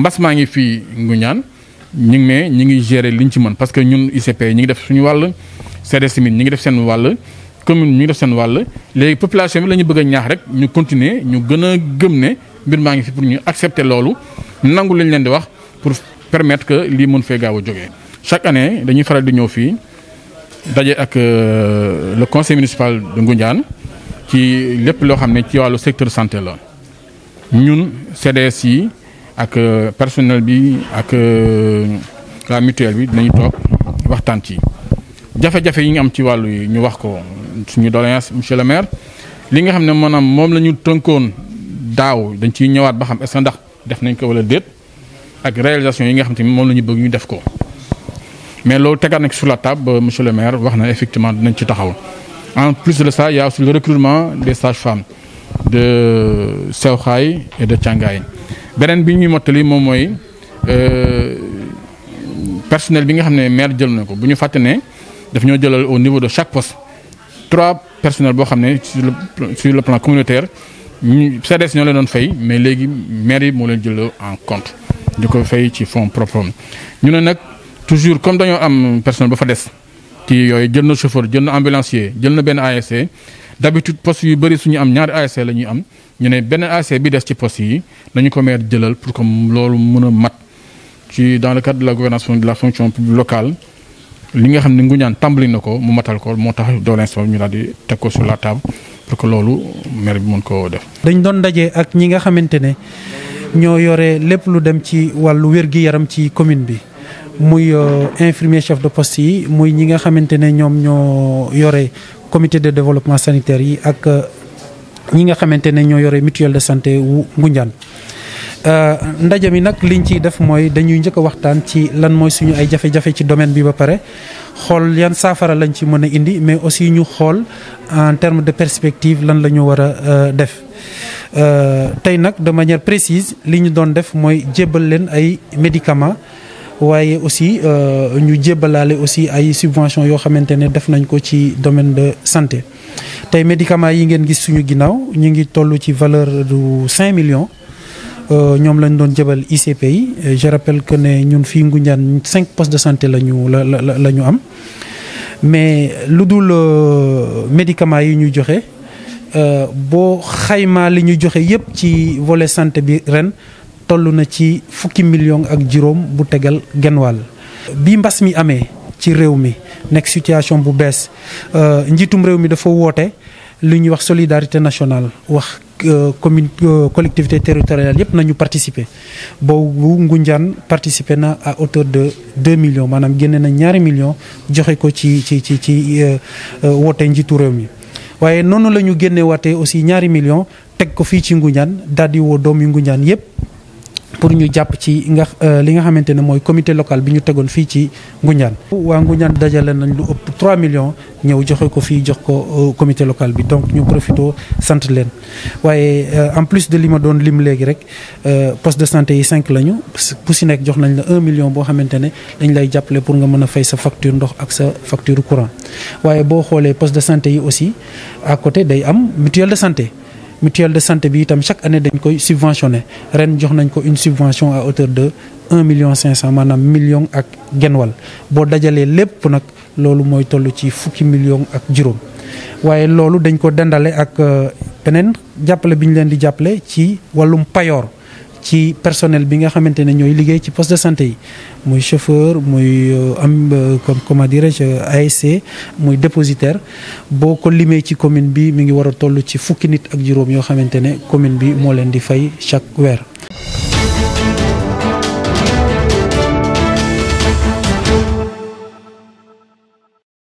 mbas maa ngi fi Nguñaan ñu ngi mais ñu ngi gérer liñ ci mën parce que ñun ICP ñu ngi def suñu wall CDS min ñu ngi def sen wall commune ñu ngi def sen wall les populations bi la bëgg ñaax rek ñu continuer ñu gëna gëm né mbir ma ngi fi pour ñu accepter lolu nangul lañ leen di wax pour permettre que li mën fee gaaw joggé chaque année dañuy faral di ñëw fi dajé ak euh, le conseil municipal de Ngoundiane ci lépp lo xamné ci walu secteur santé la ñun CDS yi ak euh, personnel bi ak euh, la mutuelle bi dañuy toog waxtan ci jafé jafé yi nga am ci walu yi ñu wax ko suñu doléance monsieur le maire li nga xamné monam mom lañu la ñu tënkoon daaw dañ ci ñëwaat ba xam est-ce que ndax def nañ ko wala déet ak réalisation yi nga xam mom lañu bëgg ñu def ko mais loolu tegaat nag sur la table monsieur le maire wax na effectivement dinañ ci taxaw en plus de ça il y a aussi le recrutement des sages-femmes de Sewkhaye et de Tiangaye beneen bi ñuy mottali moom mooy euh, personnel bi nga xam ne maire jël na ko bu ñu fàtte ne daf ñoo jëlal au niveau de chaque poste trois personnels boo xam ne sur le plan communautaire ñu CDS ñoo leen doon fay mais léegi maire yi moo leen jël en compte di ko fay ci fonds propre ñu ne nag toujours comme dañoo am personnel ba fa des ci yooyu jël na chauffeur jël na ambulancier jël na benn ASC. d'habitude poste yu bëri suñu am ñaari ASC am ñu ne benn ASC bi des ci poste yi nañu ko jëlal pour que loolu mën a mat ci dans le cadre de la gouvernance de la fonction publique locale li nga xam ne nguñaan tàmbali na ko mu matal ko moo tax doole ñu daal di teg ko sur la table pour que loolu maire bi mën koo def. dañ doon daje ak ñi nga xamante ne ñoo yore lépp lu dem ci wàllu wér-gi-yaram ci commune bi. muy euh, infirmier chef de poste yi muy ñi nga xamante ne ñoom ñoo yore commité de développement sanitaire yi ak euh, ñi nga xamante ne ñoo yore mutuel de santé wu Ngoundiane euh, ndaje mi nag liñ ciy def mooy dañuy njëkk a waxtaan ci lan mooy suñu ay jafe-jafe ci domaine bi ba pare xool yan saafara lañ ci mën a indi mais aussi ñu xool en terme de perspective lan la ñu war a euh, def. tey nag de manière précise li ñu doon def mooy jébbal leen ay médicaments. waye aussi euh, ñu djébalalé aussi ay subventions yo xamantene def nañ ko ci domaine de santé tay médicaments yi ngeen gis suñu ginnaw ñi ngi tollu ci valeur du 5 millions euh, ñom lañ doon djébal ICPI je rappelle que né ñun fii Ngoundiane 5 postes de santé la lañu am mais lu dul euh, médicaments yi ñu euh bo xayma li ñu joxé yépp ci volet santé bi ren. toll na ci fukki million ak juróom bu tegal genn wàll bi mbas mi amee ci réew mi nekk situation bu bees euh, njiitum réew mi dafa woote li ñuy wax solidarité nationale wax euh, commune euh, collectivité territoriale yëpp nañu participer boobu Ngunjaan participer na à hauteur de deux millions maanaam génne na ñaari millions joxe ko ci ci ci ci woote njiitu réew mi waaye noonu la ñu génne waatee aussi ñaari millions teg ko fii ci Ngunjaan daal di woo doom yu Ngunjaan yëpp pour ñu jàpp ci nga euh, li xamante ne mooy comité local bi ñu tegoon fii ci Ngoundiane waa Ngoundiane dajale nañ lu ëpp 3 millions ñëw joxe ko fii jox ko euh, comité local bi donc ñu profito sant leen waaye euh, en plus de li ma doon lim léegi rek poste de santé yi cinq lañu bu si nekk jox nañ la un million boo xamante ne dañ lay jàppale pour nga mën a fay sa facture ndox ak sa facture courant waaye boo xoolee poste de santé yi aussi à côté day am mutuelle de santé mutuelle de santé bi itam chaque année dañ koy subventionné ren jox nañ ko une subvention à hauteur de un million cinq cent maanaam million ak genwal boo dajalee lépp nag loolu mooy toll ci fukki million ak juróom waaye loolu dañ ko dendale ak euh, beneen jàppale bi ñu leen di jàppale ci wàllum payoor ci personnel bi nga xamante ne ñooy liggéey ci poste de santé yi muy chauffeur muy euh, am euh, comme comment dirais-je ASC muy dépositaire boo ko limee ci commune bi mi ngi war a toll ci fukki nit ak juróom yoo xamante ne commune bi moo leen di fay chaque weer.